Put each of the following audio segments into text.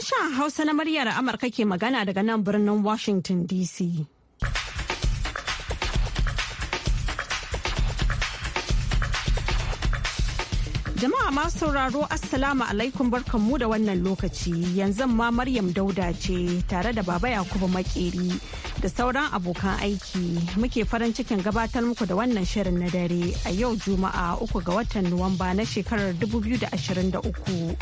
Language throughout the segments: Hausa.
Sashen Hausa na muryar Amurka ke magana daga nan birnin Washington DC. Jama'a masu sauraro Assalamu alaikum barkanmu da wannan lokaci yanzu ma Maryam Dauda ce tare da Baba Yakubu Makeri da sauran abokan aiki muke farin cikin gabatar muku da wannan shirin na dare a yau Juma'a uku ga watan Nuwamba na shekarar 2023.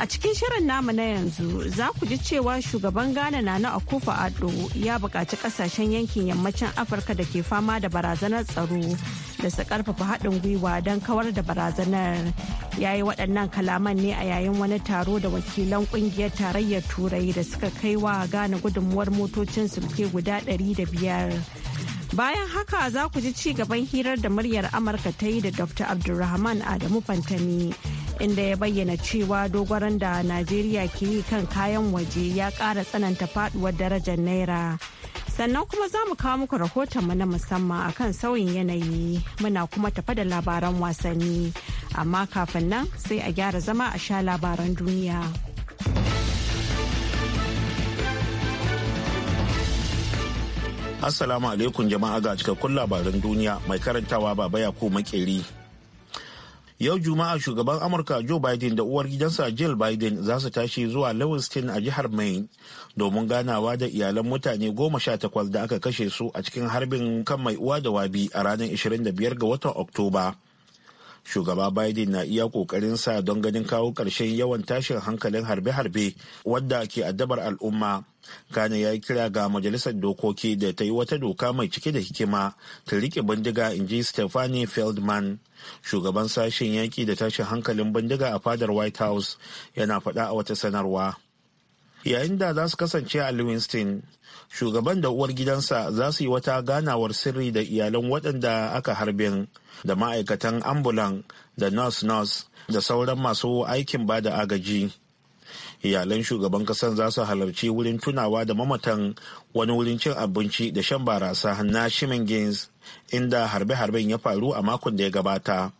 A cikin shirin namu na yanzu za ku ji cewa shugaban Ghana Nana Akufo Addo ya buƙaci ƙasashen yankin yammacin Afirka da ke fama da barazanar tsaro da su ƙarfafa haɗin gwiwa don kawar da barazanar. Ya yi waɗannan kalaman ne a yayin wani taro da wakilan ƙungiyar tarayyar Turai da suka kai wa Ghana gudunmuwar motocin sulke guda ɗari da biyar. Bayan haka za ku ji ci gaban hirar da muryar Amurka ta yi da Dr. Abdulrahman Adamu Fantami. inda ya bayyana cewa dogaran da najeriya ke yi kan kayan waje ya ƙara tsananta faduwar darajar naira sannan kuma za mu kawo muku rahotonmu na musamman akan sauyin yanayi muna kuma tafa da labaran wasanni amma kafin nan sai a gyara zama a sha labaran duniya assalamu alaikum jama'a ga cikakkun labaran duniya mai karantawa baba yakubu makeri Yau Juma'a shugaban Amurka Joe Biden da uwar gidansa Jill Biden za su tashi zuwa Lewiston a jihar Maine domin ganawa da iyalan mutane goma sha takwas da aka kashe su a cikin harbin kan mai uwa da wabi a ranar 25 ga watan Oktoba. shugaba biden na iya kokarin sa don ganin kawo karshen yawan tashin hankalin harbe-harbe wadda ke addabar al'umma kane ya yi kira ga majalisar dokoki da ta yi wata doka mai cike da hikima ta rike bindiga in ji stephanie feldman shugaban sashen yaƙi da tashin hankalin bindiga a fadar white house yana faɗa a wata sanarwa yayin da za su kasance a livingston shugaban da uwar gidansa za su yi wata ganawar sirri da iyalan waɗanda aka harbin da ma'aikatan ambulan da nurse nurse da sauran masu aikin ba da agaji iyalan shugaban kasan za su halarci wurin tunawa da mamatan wani wurin cin abinci da shan barasa na shimingins inda harbe-harben ya faru a makon da ya gabata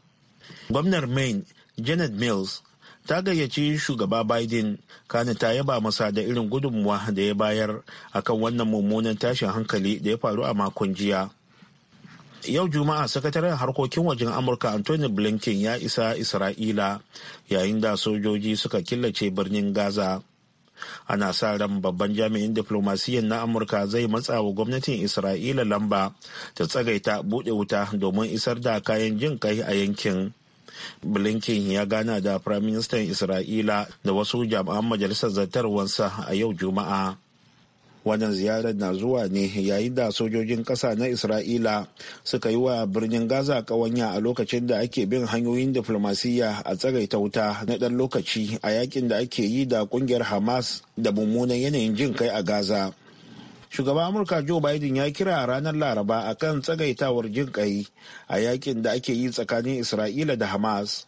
gwamnar maine janet mills ta gayyaci shugaba biden kana ta yaba masa da irin gudunmuwa da ya bayar akan wannan mummunan tashin hankali da ya faru a makon jiya yau juma'a sakataren harkokin wajen amurka anthony blinken ya isa isra'ila yayin da sojoji suka killace birnin gaza ana sa ran babban jami'in diplomasiyyar na amurka zai matsa wa gwamnatin isra'ila lamba ta tsagaita buɗe wuta domin isar da kayan jin kai a yankin Blinken ya gana da Firaministan Isra'ila da wasu jami'an majalisar zartarwansa a yau Juma'a. Wannan ziyarar na zuwa ne yayin da sojojin ƙasa na Isra'ila suka yi wa birnin Gaza ƙawanya a lokacin da ake bin hanyoyin diflomasiyya a tsagaita wuta na ɗan lokaci a yakin da ake yi da ƙungiyar Hamas da mummunan yanayin jin kai a Gaza. shugaban amurka joe biden ya kira a ranar laraba a kan tsagaitawar jin a yakin da ake yi tsakanin isra'ila da hamas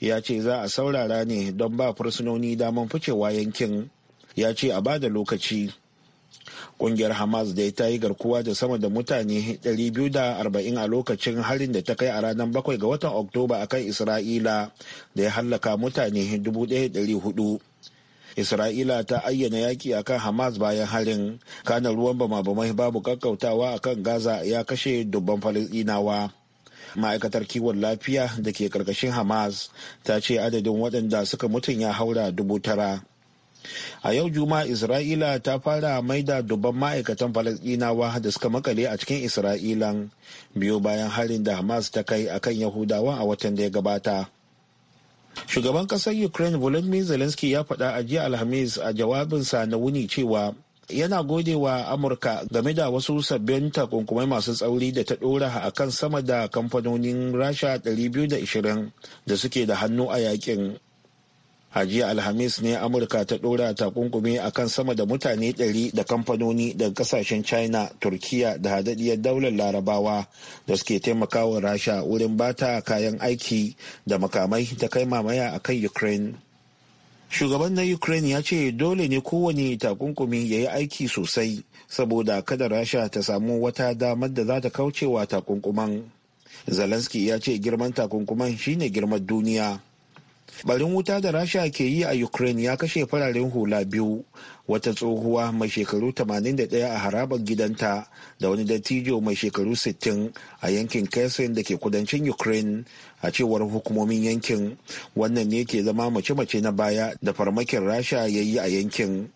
ya ce za a saurara ne don ba fursunoni daman ficewa yankin ya ce a bada lokaci kungiyar hamas dai ta yi garkuwa da sama da mutane 240 a lokacin harin da ta kai a ranar 7 ga watan oktoba akan isra'ila da ya hallaka mutane 1400 isra'ila ta ayyana yaki akan hamas bayan harin kanar ruwan bama-bamai babu kakkautawa kan gaza ya kashe dubban falasɗinawa ma'aikatar kiwon lafiya da ke karkashin hamas ta ce adadin waɗanda suka mutum ya haura dubu tara a yau juma'a isra'ila ta fara maida dubban ma'aikatan falasdinawa da suka makale a cikin isra'ilan biyu bayan harin da hamas ta kai akan yahudawa a watan da ya gabata Shugaban kasar Ukraine Volodymyr Zelensky ya faɗa a jiya Alhamis a jawabinsa na wuni cewa yana gode wa amurka game da wasu sabbin takunkumai masu tsauri da ta ɗora a kan sama da kamfanonin rasha 220 da suke da hannu a yakin hajiya alhamis ne amurka ta ɗora takunkumi akan sama da mutane 100 da kamfanoni daga kasashen china turkiya da hadaddiyar daular larabawa da suke taimakawa rasha wurin bata kayan aiki da makamai ta kai mamaya a akan ukraine shugaban na ukraine ya ce dole ne kowane takunkumi ya yi aiki sosai saboda kada rasha ta samu wata damar da za ta kaucewa takunkuman zelensky ya ce girman takunkuman shine girman duniya barin wuta da rasha ke yi a ukraine ya kashe fararen hula biyu wata tsohuwa mai shekaru 81 a harabar gidanta da wani dattijo mai shekaru 60 a yankin kesin da ke kudancin ukraine a cewar hukumomin yankin wannan ne ke zama mace-mace na baya da farmakin rasha ya yi a yankin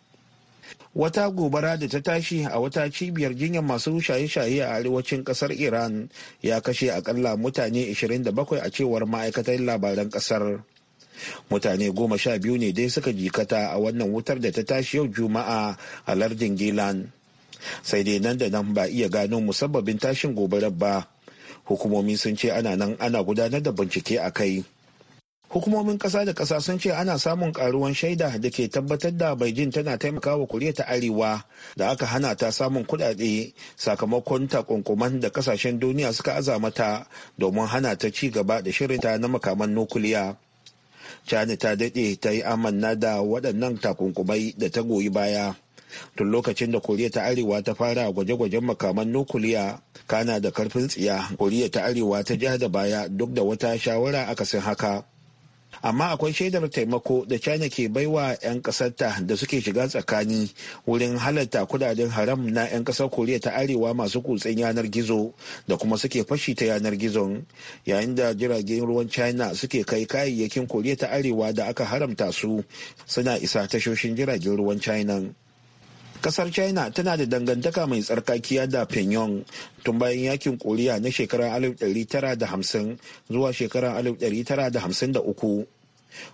wata gobara da ta tashi a wata cibiyar jinyar masu shaye-shaye a arewacin kasar iran ya kashe akalla mutane 27 a cewar ma'aikatar labaran kasar mutane goma sha biyu ne dai suka jikata a wannan wutar da ta tashi yau juma'a a lardin gilan sai dai nan da nan ba iya gano musabbabin tashin gobarar ba hukumomi sun ce ana nan ana gudanar da bincike a kai hukumomin kasa da kasa sun ce ana samun karuwan shaida da ke tabbatar da beijing tana taimakawa kuriya ta arewa da aka hana ta samun kudade sakamakon takunkuman da kasashen duniya suka aza mata domin hana ta ci gaba da shirinta na makaman nukuliya china ta daɗe ta yi amanna da waɗannan takunkumai da ta goyi baya tun lokacin da koriya ta arewa ta fara gwaje-gwajen makaman nukuliya kana da karfin tsiya koriya ta arewa ta ja da baya duk da wata shawara akasin haka amma akwai shaidar taimako da china ke baiwa 'yan kasarta da suke shiga tsakani wurin halarta kudaden haram na 'yan kasar koriya ta arewa masu kutsen yanar gizo da kuma suke fashi ta yanar gizon yayin da jiragen ruwan china suke kai kayayyakin koriya ta arewa da aka haramta su suna isa tashoshin jiragen ruwan china kasar china tana da dangantaka mai tsarkakiya da pyongyang tun bayan yakin koriya na shekarar 1950 zuwa shekarar 1953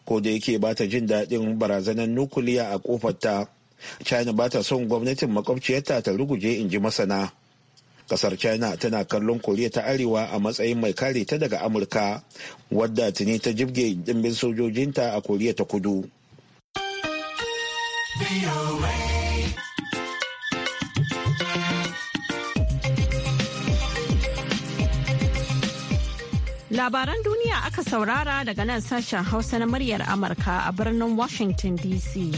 ko da yake ba ta jin daɗin barazanar nukuliya a kofarta china ba ta son gwamnatin makwabciyarta ta ruguje in ji masana kasar china tana kallon koriya ta arewa a matsayin mai kare ta daga amurka wadda tuni ta jibge dimbin sojojinta a koriya ta kudu. Labaran duniya aka saurara daga nan sashen Hausa na muryar Amurka a birnin Washington DC.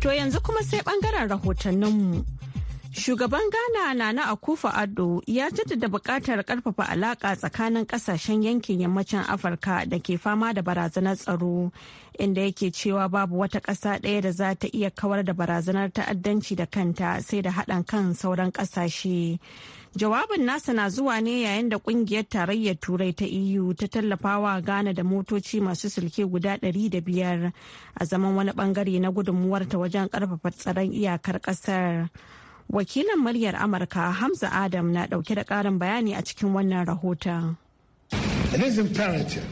To yanzu kuma sai bangaren rahotanninmu. Shugaban Ghana Nana Akufa Addo ya jaddada buƙatar ƙarfafa alaƙa tsakanin ƙasashen yankin yammacin Afirka da ke fama da barazanar tsaro, inda yake cewa babu wata ƙasa ɗaya da za ta iya kawar da barazanar ta'addanci da kanta sai da haɗan kan sauran ƙasashe. Jawabin nasa na zuwa ne yayin da ƙungiyar tarayyar Turai ta EU ta tallafawa Ghana da motoci masu sulke guda ɗari da biyar a zaman wani bangare na gudunmuwarta wajen ƙarfafa tsaron iyakar ƙasar. Wakilin muryar Amurka Hamza Adam na dauke da karin bayani a cikin wannan rahoton. It is imperative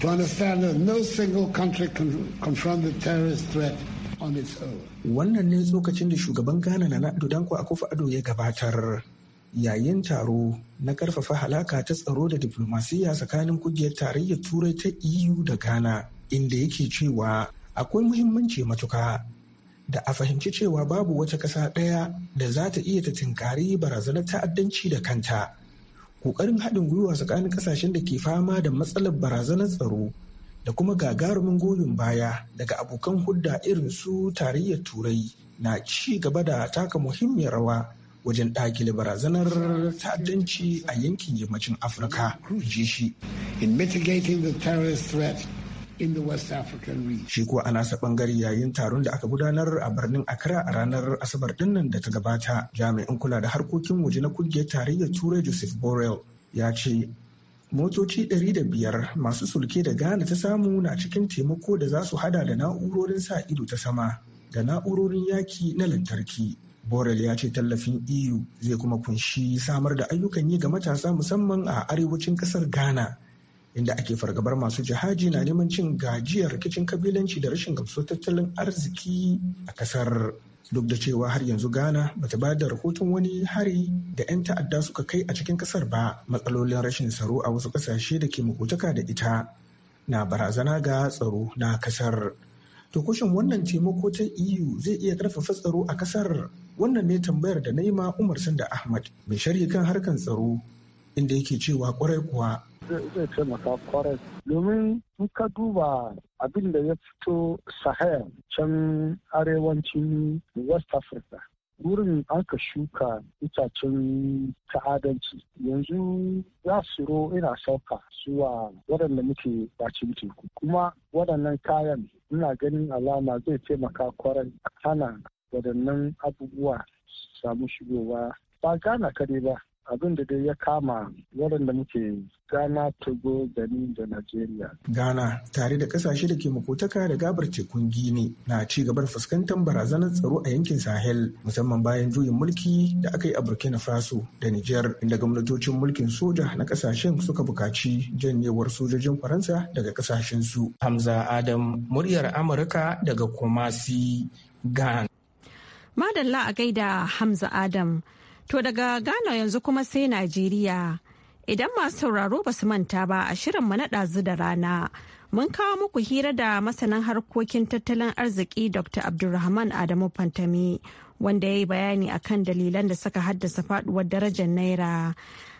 to understand that no single country can confront the terrorist threat on its own. Wannan ne tsokacin da shugaban Ghana na Nadu a Akufo Ado ya gabatar yayin taro na karfafa halaka ta tsaro da diplomasiya tsakanin kungiyar tarayyar turai ta EU da Ghana inda yake cewa akwai muhimmanci matuka da a fahimci cewa babu wata ƙasa ɗaya da za ta iya ta tinkari barazanar ta'addanci da kanta. Ƙoƙarin haɗin gwiwa tsakanin ƙasashen da ke fama da matsalar barazanar tsaro da kuma gagarumin goyon baya daga abokan hudda irin su tarayyar Turai na ci gaba da taka muhimmiyar rawa wajen dakile barazanar ta'addanci a yankin yammacin Afirka, In mitigating the terrorist threat, in the West African Shi kuwa a nasa bangare yayin taron da aka gudanar a birnin Accra a ranar Asabar dinnan da ta gabata, jami'in kula da harkokin waje na kungiyar tarayyar Turai Joseph Borrell ya ce motoci 500 masu sulke da Ghana ta samu na cikin taimako da za su hada da na'urorin sa ido ta sama da na'urorin yaki na lantarki. Borel ya ce tallafin EU zai kuma kunshi samar da ayyukan yi ga matasa musamman a arewacin kasar Ghana. inda ake fargabar masu jihaji na neman cin gajiyar rikicin kabilanci da rashin gamsu tattalin arziki a kasar duk da cewa har yanzu ghana bata ba da rahoton wani hari da 'yan ta'adda suka kai a cikin kasar ba matsalolin rashin tsaro a wasu kasashe da ke makotaka da ita na barazana ga tsaro na kasar to kushin wannan taimako ta eu zai iya karfafa tsaro a kasar wannan ne tambayar da na yi ma umar sanda ahmad mai sharhi kan harkan tsaro inda yake cewa kwarai kuwa zai taimaka kwarai domin in ka duba abin da ya fito sahel can arewacin west africa wurin aka shuka itacen ta'adanci yanzu ya siro ina sauka zuwa waɗanda muke bacin teku kuma waɗannan kayan ina ganin alama zai taimaka kwarai hana waɗannan abubuwa samu shigowa ba gana kare ba abin da dai ya kama da muke Ghana, Togo, Benin da Nigeria. Ghana tare da kasashe da ke makotaka da gabar tekun Gini na ci gabar fuskantar barazanar tsaro a yankin Sahel musamman bayan juyin mulki da aka yi a Burkina Faso da Niger inda gwamnatocin mulkin soja na kasashen suka bukaci janyewar sojojin Faransa daga kasashen su. Hamza Adam muryar Amurka daga Kumasi, Ghana. Madalla a gaida Hamza Adam. To daga Ghana yanzu kuma sai Najeriya. Idan masu sauraro ba su manta ba a shirin mu na ɗazu da rana. Mun kawo muku hira da masanin harkokin tattalin arziki Dr. Abdulrahman Adamu Fantami wanda ya yi bayani akan dalilan da suka haddasa faduwar darajar Naira.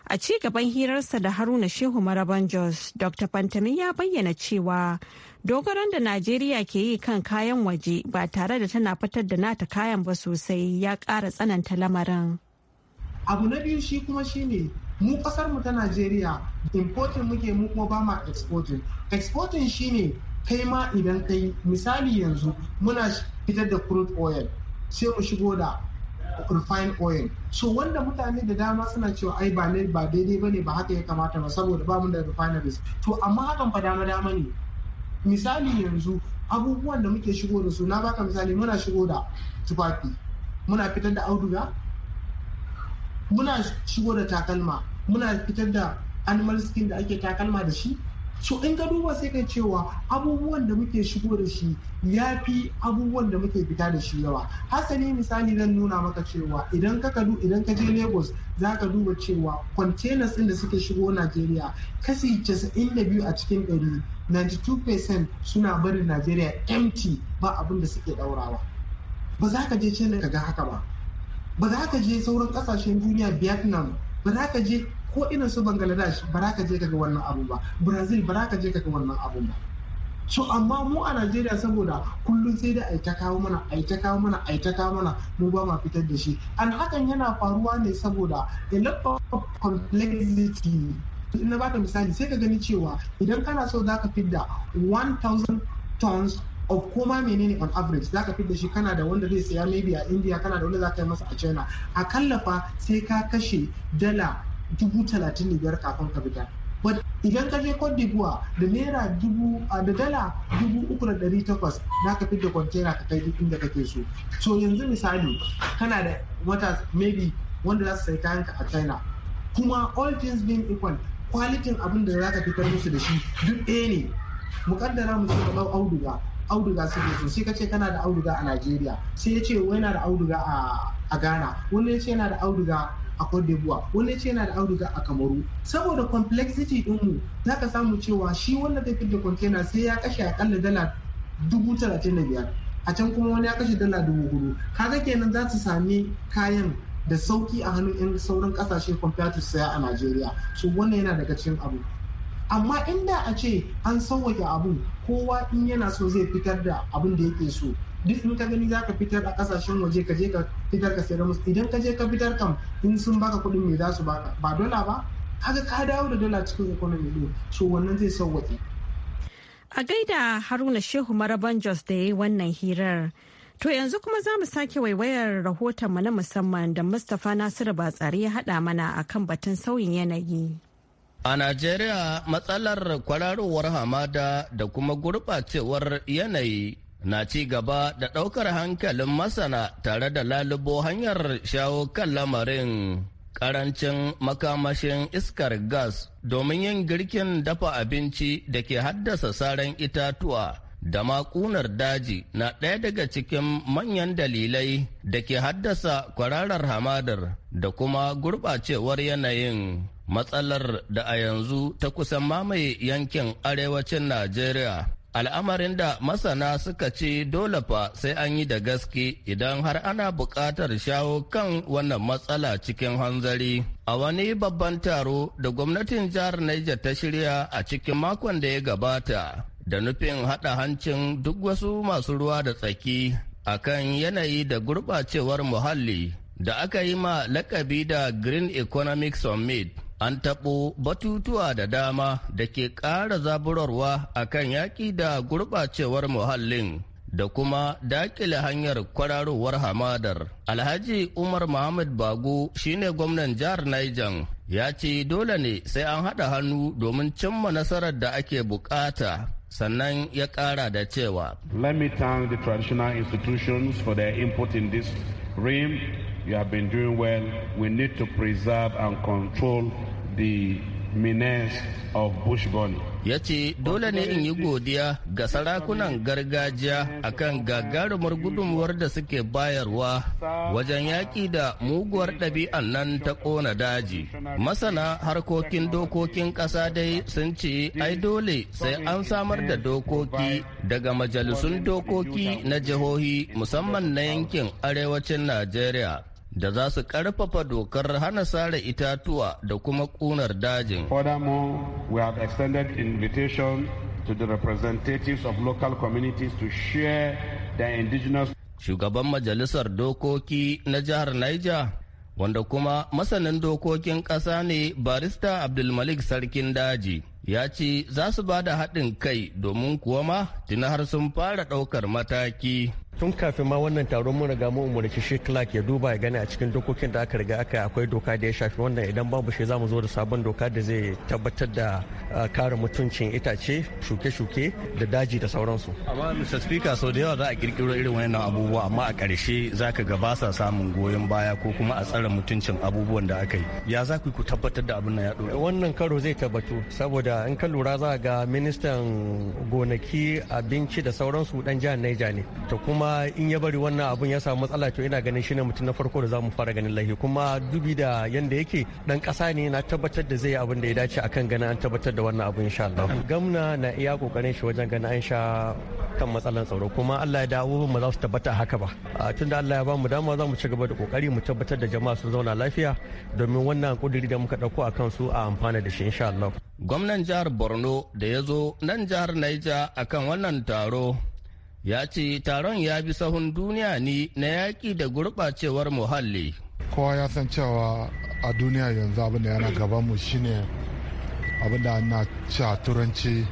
A ci gaban hirarsa da Haruna Shehu Maraban Jos, Dr. Fantami ya bayyana cewa dogaron da Najeriya ke yi kan kayan waje ba tare da tana fitar da nata kayan ba sosai ya ƙara tsananta lamarin. abu na biyu shi kuma shine mu kasar mu ta Najeriya importing muke mu kuma ba ma exporting exporting shine kai ma idan kai misali yanzu muna fitar da crude oil sai mu shigo da refined oil so wanda mutane da dama suna cewa ai ba ne ba daidai ba ne ba haka ya kamata ba saboda ba mu da refineries to amma hakan fa dama dama ne misali yanzu abubuwan da muke shigo da su na baka misali muna shigo da tufafi muna fitar da auduga muna shigo da takalma muna fitar da animal skin da ake takalma da shi so in ka duba sai ka cewa abubuwan da muke shigo da shi ya fi abubuwan da muke fita da shi yawa hasali misali zan nuna maka cewa idan ka idan ka je lagos za ka duba cewa containers ɗin da suke shigo najeriya kasi 92 a cikin 100 92% suna barin najeriya empty ba abin da suke ɗaurawa ba za ka je can ka ga haka ba ba za ka je sauran kasashen duniya vietnam ba za ka je ko ina su bangladesh ba za ka je kaga wannan abu ba brazil ba za ka je kaga wannan abu ba so amma mu a najeriya saboda kullum sai da aita kawo mana aita kawo mana aita kawo mana mu ba ma fitar da shi an hakan yana faruwa ne saboda a lack of complexity na baka misali sai ka gani cewa idan kana so za ka fidda 1000 tons of kuma menene on average zaka fi da shi kana da wanda zai saya maybe a India kana da wanda zaka yi masa a China a kallafa sai ka kashe dala dubu talatin da biyar kafin ka fita but idan ka je Cote d'Ivoire da naira da dala dubu uku da ɗari takwas za ka da kwantena ka kai inda kake so to yanzu misali kana da wata maybe wanda za su sai ka a China kuma all things being equal kwalitin abin da za ka fitar musu da shi duk ɗaya ne mukaddara mu ce ka auduga auduga suke so sai ka ce kana da auduga a Najeriya sai ya ce yana da auduga a Ghana wani ya ce yana da auduga a Cote d'Ivoire wani ce yana da auduga a Kamaru saboda complexity dinmu za ka samu cewa shi wanda zai fidda container sai ya kashe akalla dala dubu talatin da biyar a can kuma wani ya kashe dala dubu hudu kaga kenan za su sami kayan da sauƙi a hannun 'yan sauran kasashe compared to saya a Najeriya so wannan yana daga cikin abu amma inda a ce an sauwake abun kowa in yana so zai fitar da abun da yake so duk in ka gani za ka fitar a kasashen waje ka je ka fitar ka sayar musu idan ka je ka fitar kam in sun baka kuɗin me za su baka ba dola ba kaga ka dawo da dola cikin economy din so wannan zai sauwake a gaida haruna shehu maraban jos da ya yi wannan hirar to yanzu kuma za mu sake waiwayar rahoton mu na musamman da mustapha nasiru batsari ya haɗa mana akan batun sauyin yanayi. A Najeriya matsalar kwararowar hamada da kuma gurɓacewar yanayi na ci gaba da ɗaukar hankalin masana tare da lalubo hanyar shawo kan lamarin ƙarancin makamashin iskar gas domin yin girkin dafa abinci da ke haddasa saran itatuwa da makunar daji na ɗaya daga cikin manyan dalilai da ke haddasa kwararar hamadar da kuma gurɓacewar yanayin. matsalar da a yanzu ta kusan mamaye yankin arewacin Najeriya. Al'amarin da masana suka ce dole fa sai an yi da gaske idan har ana buƙatar shawo kan wannan matsala cikin hanzari. A wani babban taro da gwamnatin jihar Niger ta shirya a cikin makon da ya gabata, da nufin haɗa hancin duk wasu masu ruwa da tsaki a kan yanayi da gurɓacewar muhalli da aka yi ma lakabi da Green Economic Summit. an taɓo batutuwa da dama da ke ƙara zaburarwa a kan yaƙi da gurɓacewar muhallin da kuma daƙile hanyar kwararowar hamadar. Alhaji Umar Muhammad Bago shine gwamnan jihar Niger ya ce dole ne sai an haɗa hannu domin cimma nasarar da ake buƙata sannan ya ƙara da cewa. Let me thank the traditional institutions for their input in this realm You have been doing well. We need to preserve and control the menace of bush bunny. ya ce dole ne in yi godiya ga sarakunan gargajiya a kan gagarumar gudunmuwar da suke bayarwa wajen yaƙi da muguwar ɗabi'an nan ta ƙona daji masana harkokin dokokin ƙasa dai sun ce ai dole sai an samar da dokoki daga majalisun dokoki na jihohi musamman na yankin arewacin najeriya da za su karfafa dokar hana sare itatuwa da kuma kunar dajin. we have extended invitation to the representatives of local communities to share their indigenous. Shugaban Majalisar Dokoki na Jihar Niger, wanda kuma masanin dokokin ƙasa ne barista Abdulmalik Sarkin Daji, ya ce za su ba da haɗin kai domin kuwa ma tuna har sun fara ɗaukar mataki. tun kafin ma wannan taron mun ga mu umarci shi clark ya duba ya gani a cikin dokokin da aka riga aka akwai doka da ya shafi wannan idan babu shi zamu zo da sabon doka da zai tabbatar da uh, kare mutuncin itace shuke-shuke da daji da sauransu amma mr speaker sau da yawa za a kirkiro irin wannan abubuwa amma a ƙarshe za ka ga ba sa samun goyon baya ko kuma a tsare mutuncin abubuwan da aka yi ya za ku tabbatar da abin nan ya ɗora wannan karo zai tabbatu saboda in ka lura za ga ministan gonaki abinci da sauransu dan jihar Niger ne to kuma in ya bari wannan abun ya samu matsala to ina ganin shine mutum na farko da za mu fara ganin lahi kuma dubi da yanda yake dan kasa ne na tabbatar da zai abin da ya dace akan ganin an tabbatar da wannan abun insha Allah gamna na iya kokarin shi wajen ganin an sha kan matsalan tsaro kuma Allah ya dawo mu za su tabbata haka ba tunda Allah ya ba mu dama za mu ci gaba da kokari mu tabbatar da jama'a su zauna lafiya domin wannan kuduri da muka dauko a kansu a amfana da shi insha Allah gwamnan jihar Borno da ya zo nan jihar Niger akan wannan taro ya ce taron ya bi sahun duniya ne na yaƙi da gurɓacewar muhalli. Kowa ya san cewa a duniya yanzu abin da yana gabanmu shine abin da na ci a turanci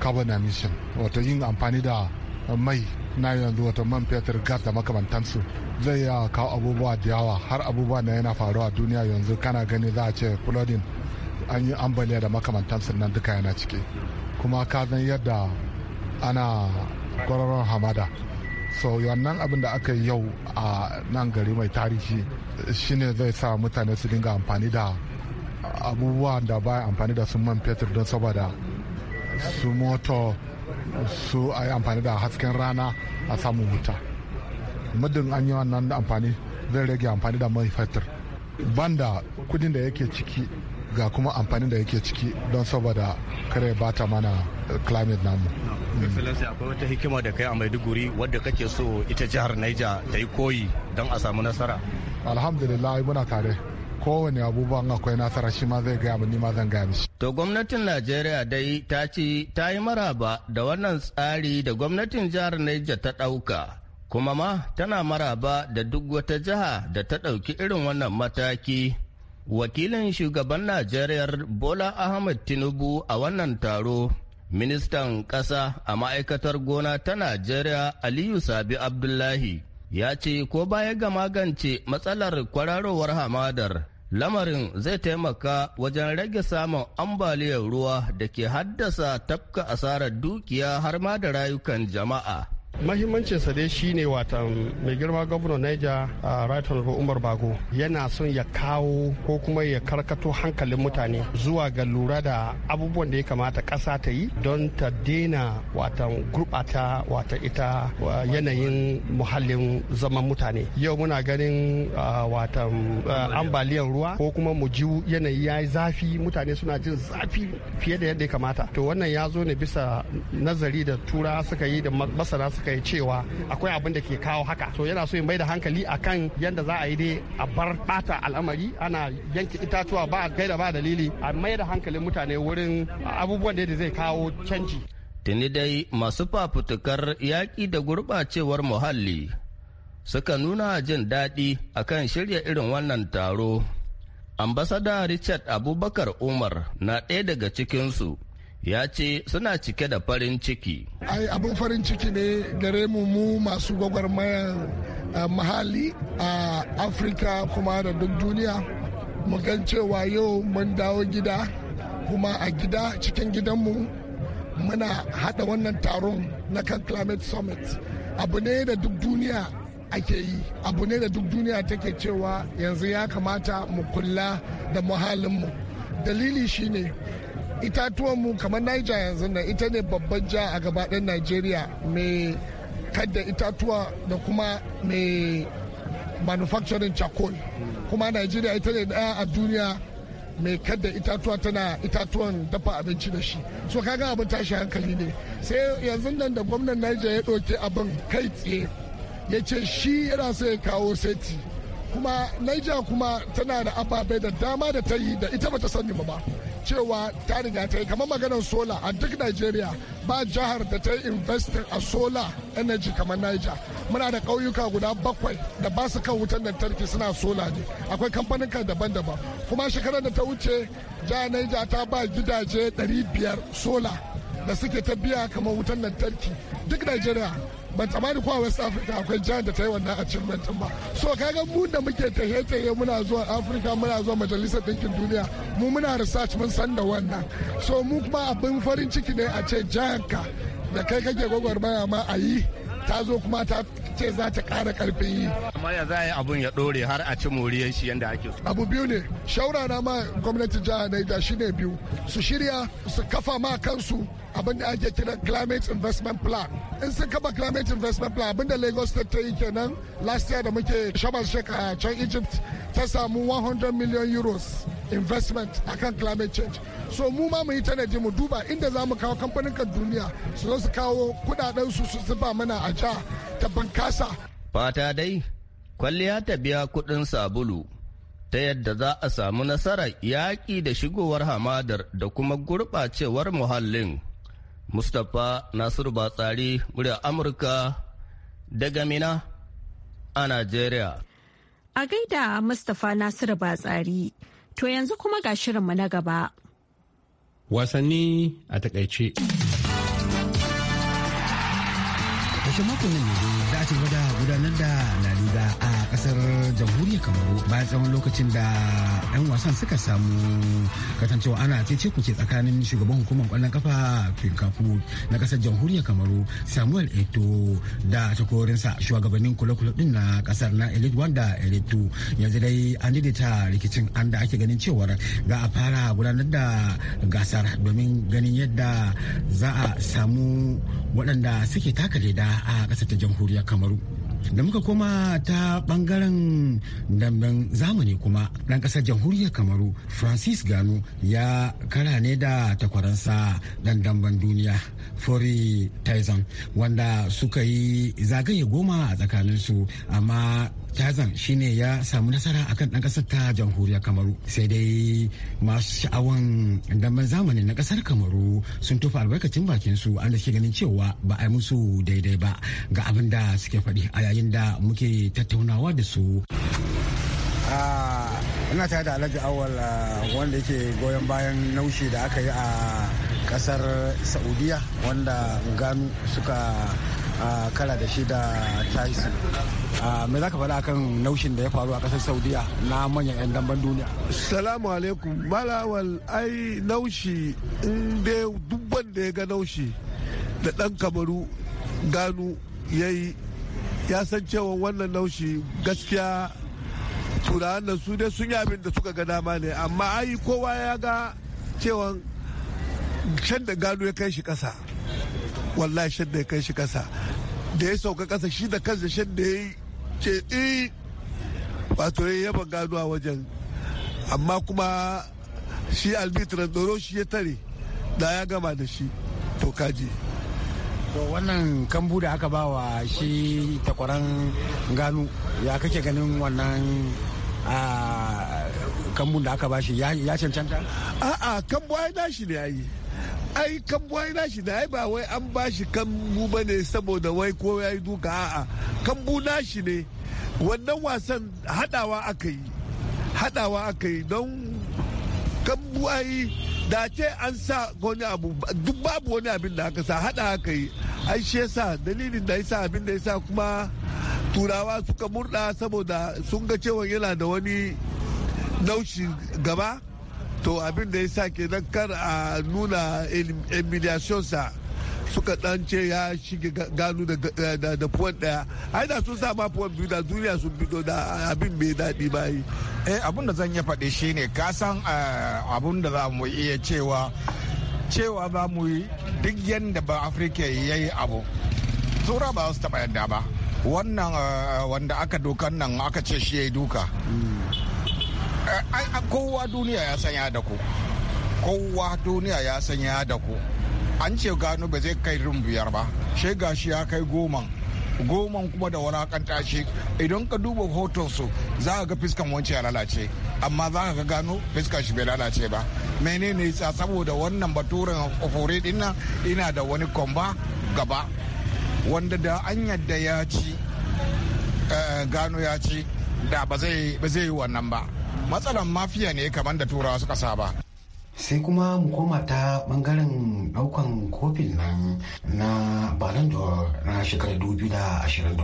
carbon emission wato yin amfani da mai na yanzu wato man fetur gas da makamantansu zai ya kawo abubuwa da yawa har abubuwa na yana faruwa a duniya yanzu kana gani za a ce flooding an yi ambaliya da makamantansu nan duka yana ciki kuma ka zan yadda ana kwararon hamada so wannan abin da aka yi yau a nan gari mai tarihi shine zai sa mutane su dinga amfani da abubuwa da ba amfani da su man fetur don saboda su moto su a yi amfani da hasken rana a samun wuta muddin an yi wannan amfani zai rage amfani da man fetur banda kudin da yake ciki ga kuma amfanin da yake ciki don saboda kare ba ta mana eh, climate namu. excellency akwai wata hikima da kai a maiduguri wadda kake so ita jihar naija ta yi koyi don a samu nasara alhamdulillah muna tare kowane abubuwan akwai nasara shi ma zai gaya ni ma zan gaya mishi. To gwamnatin Najeriya dai ta ce ta yi maraba da wannan tsari da gwamnatin jihar Niger ta ɗauka. Kuma ma tana maraba da duk wata jiha da ta ɗauki irin wannan mataki Wakilin shugaban Najeriya Bola Ahmed Tinubu a wannan taro, ministan ƙasa a ma'aikatar gona ta Najeriya Aliyu Sabi Abdullahi, ya ce ko baya ga magance matsalar kwararowar hamadar, lamarin zai taimaka wajen rage samun ambaliyar ruwa da ke haddasa tafka asarar dukiya har ma da rayukan jama'a. Mahimmancinsa dai shine wata mai girma gwamnan Niger a Right Honorable Umar Bago yana son ya kawo ko kuma ya karkato hankalin mutane zuwa ga lura da abubuwan da ya kamata kasa ta yi don ta daina wata gurɓata wata ita yanayin muhallin zaman mutane. Yau muna ganin wata ambaliyar ruwa ko kuma mu ji yanayi ya yi zafi mutane suna jin zafi fiye da yadda ya kamata. To wannan ya zo ne bisa nazari da tura suka yi da masana suka suka yi cewa akwai abin da ke kawo haka so yana so ya mai da hankali akan yadda za a yi dai a bar bata al'amari ana yanke itatuwa ba gaida ba dalili a mai da hankalin mutane wurin abubuwan da zai kawo canji tuni dai masu fafutukar yaƙi da gurɓacewar muhalli suka nuna jin daɗi akan shirya irin wannan taro ambasada richard abubakar umar na ɗaya daga cikinsu ya ce suna cike da farin ciki. Ai abin farin ciki ne gare mu mu masu gwagwarmayar eh, mahali a Afirka kuma da duk duniya. mu gan cewa yau mun dawo gida kuma a gida cikin gidanmu muna haɗa wannan taron na kan climate summit abu ne da duk duniya ake yi abu ne da duk duniya take cewa yanzu ya kamata mu kula da muhalinmu dalili shine itatuwan mu kamar niger yanzu nan ita ne babban ja a gabaɗin nigeria mai kadda itatuwa da kuma mai manufacturing charcoal kuma nigeria ita ne ɗaya a duniya mai kadda itatuwa tana itatuwan dafa abinci da shi so kaga abin tashi hankali ne sai yanzu nan da gwamnan niger ya ɗauki abin kai tsaye ya ce shi yana so ya kawo seti kuma niger kuma tana da ababai da dama da ta yi da ita bata sani ba cewa ta riga ta yi kamar maganar sola a duk Najeriya ba jihar da ta yi investing a sola energy kamar Niger. Muna da ƙauyuka guda bakwai da ba su kan wutar lantarki suna sola ne. Akwai kamfaninka daban-daban. Kuma shekarar da ta wuce jihar Niger ta ba gidaje 500 sola da suke ta biya kamar wutar lantarki duk Najeriya ban tsammani ko a west africa akwai jihar da ta yi wannan achievement ba so kaga mu da muke tahe-tahe muna zuwa africa muna zuwa majalisar ɗinkin duniya mu muna research mun san da wannan so mu kuma abin farin ciki ne a ce ka da kai kake baya ma a yi ta zo kuma ta ce za ta ƙara ƙarfin yi. amma ya za a yi abun ya ɗore har a ci moriyar shi yadda ake so. abu biyu ne shaura na ma gwamnati jihar naija ne biyu su shirya su kafa ma kansu abin da ake kira climate investment plan in sun kaba climate investment plan abin da lagos state ta yi kenan last year da muke shaban shek a can egypt ta samu 100 million euros investment akan climate change so mu ma mu yi tanadi mu duba inda za mu kawo kamfanin kan duniya su zo su kawo kudaden su su zuba mana a ja ta bankasa fata dai kwalliya ta biya kudin sabulu ta yadda za a samu nasarar yaƙi da shigowar hamadar da kuma gurɓacewar muhallin. mustapha nasiru batsari murya amurka daga mina a najeriya a gaida mustapha nasiru batsari to yanzu kuma ga shirinmu na gaba wasanni a takaice kashe makon nan ne za a ce gudanar da na a kasar jamhuriyar kamaru bayan tsawon lokacin da 'yan wasan suka samu kasancewa ana cece kuke tsakanin shugaban hukumar kwallon kafa finkafu na kasar jamhuriyar kamaru samuel eto da takorinsa shugabannin kula-kula din na kasar na elite wanda elite yanzu dai an daidaita rikicin an da ake ganin cewar za a fara gudanar da gasar domin ganin yadda za a samu waɗanda suke taka leda a ƙasar ta jamhuriyar kamaru. da muka koma ta bangaren damben zamani kuma ɗan ƙasar jamhuriyar kamaru francis gano ya kara ne da takwaransa dan damben duniya fori tyson wanda suka yi zagaye goma a tsakaninsu amma tazan shine ya samu nasara akan dan kasar ta jamhuriyar kamaru sai dai masu sha'awan damben zamani na kasar kamaru sun tufa albarkacin bakin su an da shi ganin cewa ba a yi musu daidai ba ga abin da suke faɗi a yayin da muke tattaunawa da su ah, ina tare da alhaji awal ah, wanda yake goyon bayan naushi da aka yi a kasar saudiya wanda gano suka a kara da shi da taisi me za ka faɗa kan naushin da ya faru a ƙasar saudiya na manyan 'yan damban duniya salamu alaikum malawal ai naushi in dai duk da ya ga naushi da ɗan kamaru gano ya yi ya san cewa wannan naushi gaskiya turawan nan su dai sun yi abin da suka ga dama ne amma ai kowa ya ga cewa can da gano ya kai shi ƙasa wallahi shadda ya kai shi kasa da ya sauka kasa shi da kansa shadda ya ce eh wato ya yaba gado a wajen amma kuma shi albitra tsoro shi ya tare da ya gama da shi to kaji to wannan kambu da aka bawa shi takwaran gano ya kake ganin wannan kambun da aka bashi ya cancanta a'a kambu ai nashi ne yi. ai kan buwai nashi da ai ba wai an ba shi kambu ba ne saboda wai ko ya yi duka a'a kan bu nashi ne wannan wasan hadawa aka yi hadawa aka yi don kan ai da ce an sa wani abu duk babu wani abin da aka sa hada aka yi ai shi yasa dalilin da yasa abin da yasa kuma turawa suka murda saboda sun ga cewa yana da wani naushi gaba to abin da ya sa kenan kar a nuna sa suka dan ce ya shige gano da puwan daya ai da sun sa ma puwan biyu da duniya sun bido da abin mai daɗi ba yi eh abin da zan ya faɗi shi ka san eh, abin da za mu iya cewa cewa za mu yi duk yadda ba afirka ya yi abu tura ba su taɓa yadda ba wannan eh, wanda aka dokan nan aka ce shi ya yi duka mm. Eh, kowa duniya ya sanya da ku kowa duniya ya sanya da ku an ce gano ba zai kai rin biyar ba shi gashi ya kai goma goman kuma da walakanta shi idan ka duba hoton su za ka ga fiskan wance ya lalace amma za ka gano fiskan shi bai lalace ba menene sa saboda wannan baturen ofore din ina da wani komba gaba wanda da an yadda ya ci eh, gano ya ci da ba zai yi wannan ba matsalan mafiya ne kamar da turawa suka saba sai kuma mu koma ta bangaren daukan kofin nan na balon d'or na shekarar 2023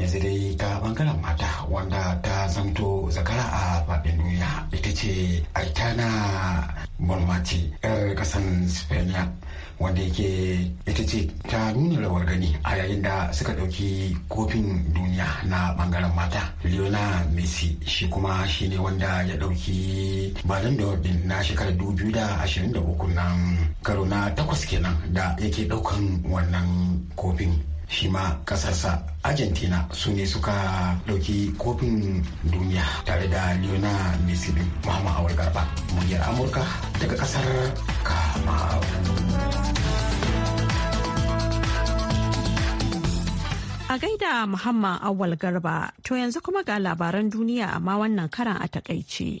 yanzu dai ta bangaren mata wanda ta zanto zakara a faɗin duniya ita ce aitana bonmati 'yar ƙasan spaniya wanda yake ita ce ta nuna rawar gani a yayin da suka ɗauki kofin duniya na bangaren mata leona messi shi kuma shine wanda ya ɗauki balon da din na shekarar dubu da ashirin da uku nan karo na takwas kenan da yake ɗaukan wannan kofin shi ma kasarsa argentina su ne suka ɗauki kofin duniya tare da leona messi mahama awar garba muryar amurka daga kasar ka A gaida Muhammad Awal Garba, to yanzu kuma ga labaran duniya amma wannan karan a takaice.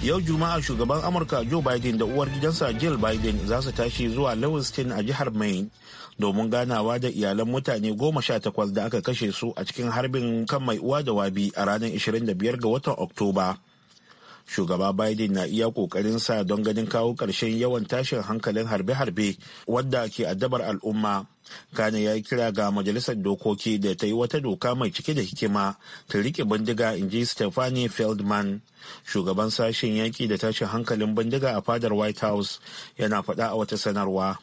Yau Juma'a shugaban Amurka Joe Biden da uwar gidansa Jill Biden za su tashi zuwa Lewiston a jihar Maine domin ganawa da iyalan mutane goma sha takwas da aka kashe su a cikin harbin kan mai uwa da wabi a ranar 25 ga watan Oktoba. shugaba biden na iya sa don ganin kawo karshen yawan tashin hankalin harbe-harbe wadda ke addabar al'umma kane ya yi kira ga majalisar dokoki da ta yi wata doka mai cike da hikima ta rike bindiga in ji stephanie feldman shugaban sashen yaƙi da tashin hankalin bindiga a fadar white house yana faɗa a wata sanarwa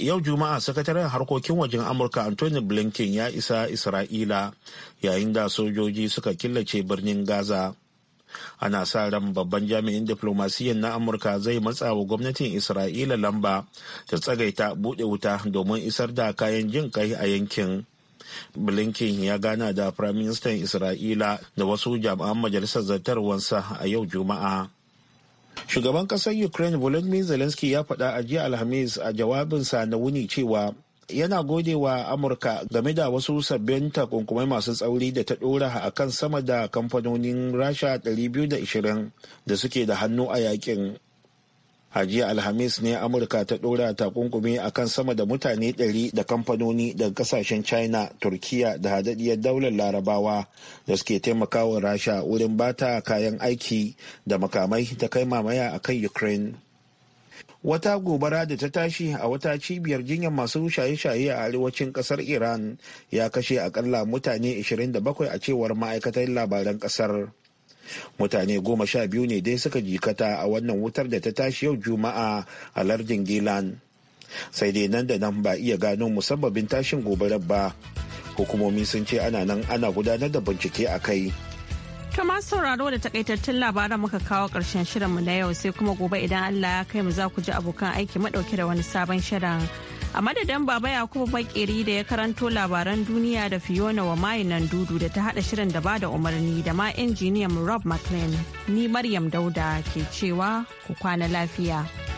yau juma'a sakataren harkokin wajen amurka anthony blinken ya isa isra'ila yayin da sojoji suka killace birnin gaza ana sa ran babban jami'in diplomasiyyar na amurka zai matsa wa gwamnatin isra'ila lamba ta tsagaita bude wuta domin isar da kayan jin kai a yankin blinken ya gana da firaministan isra'ila da wasu jami'an majalisar zartarwansa a yau juma'a shugaban ƙasar ukraine volodymyr zelensky ya faɗa a jiya alhamis a jawabinsa na wuni cewa yana gode wa amurka game da wasu sabbin takunkumai masu tsauri da ta ɗora a kan sama da kamfanonin rasha 220 da suke da hannu a yakin hajiya alhamis ne amurka ta ɗora takunkumi a kan sama da mutane 100 da kamfanoni daga kasashen china turkiya da hadadiyar daular larabawa da suke taimakawa rasha wurin bata kayan aiki da makamai ta kai mamaya a kan ukraine wata gobara da ta tashi a wata cibiyar jinyar masu shaye-shaye a arewacin kasar iran ya kashe akalla mutane 27 a cewar ma'aikatar labaran kasar mutane goma sha biyu ne dai suka jikata a wannan wutar da ta tashi yau juma'a a lardin gilan sai dai nan da nan ba iya gano musabbabin tashin gobarar ba hukumomi sun ce ana nan ana gudanar da bincike a kai To masu sauraro da takaitattun labaran muka kawo karshen shirinmu na yau sai kuma gobe idan Allah ya kai mu za ku ji abokan aiki madauke da wani sabon shirin. A madadin Baba Yakubu Bakiri da ya karanto labaran duniya da Fiona wa mayinan dudu da ta hada shirin da bada umarni da ma injiniyan Rob McLean ni Maryam Dauda ke cewa ku kwana lafiya.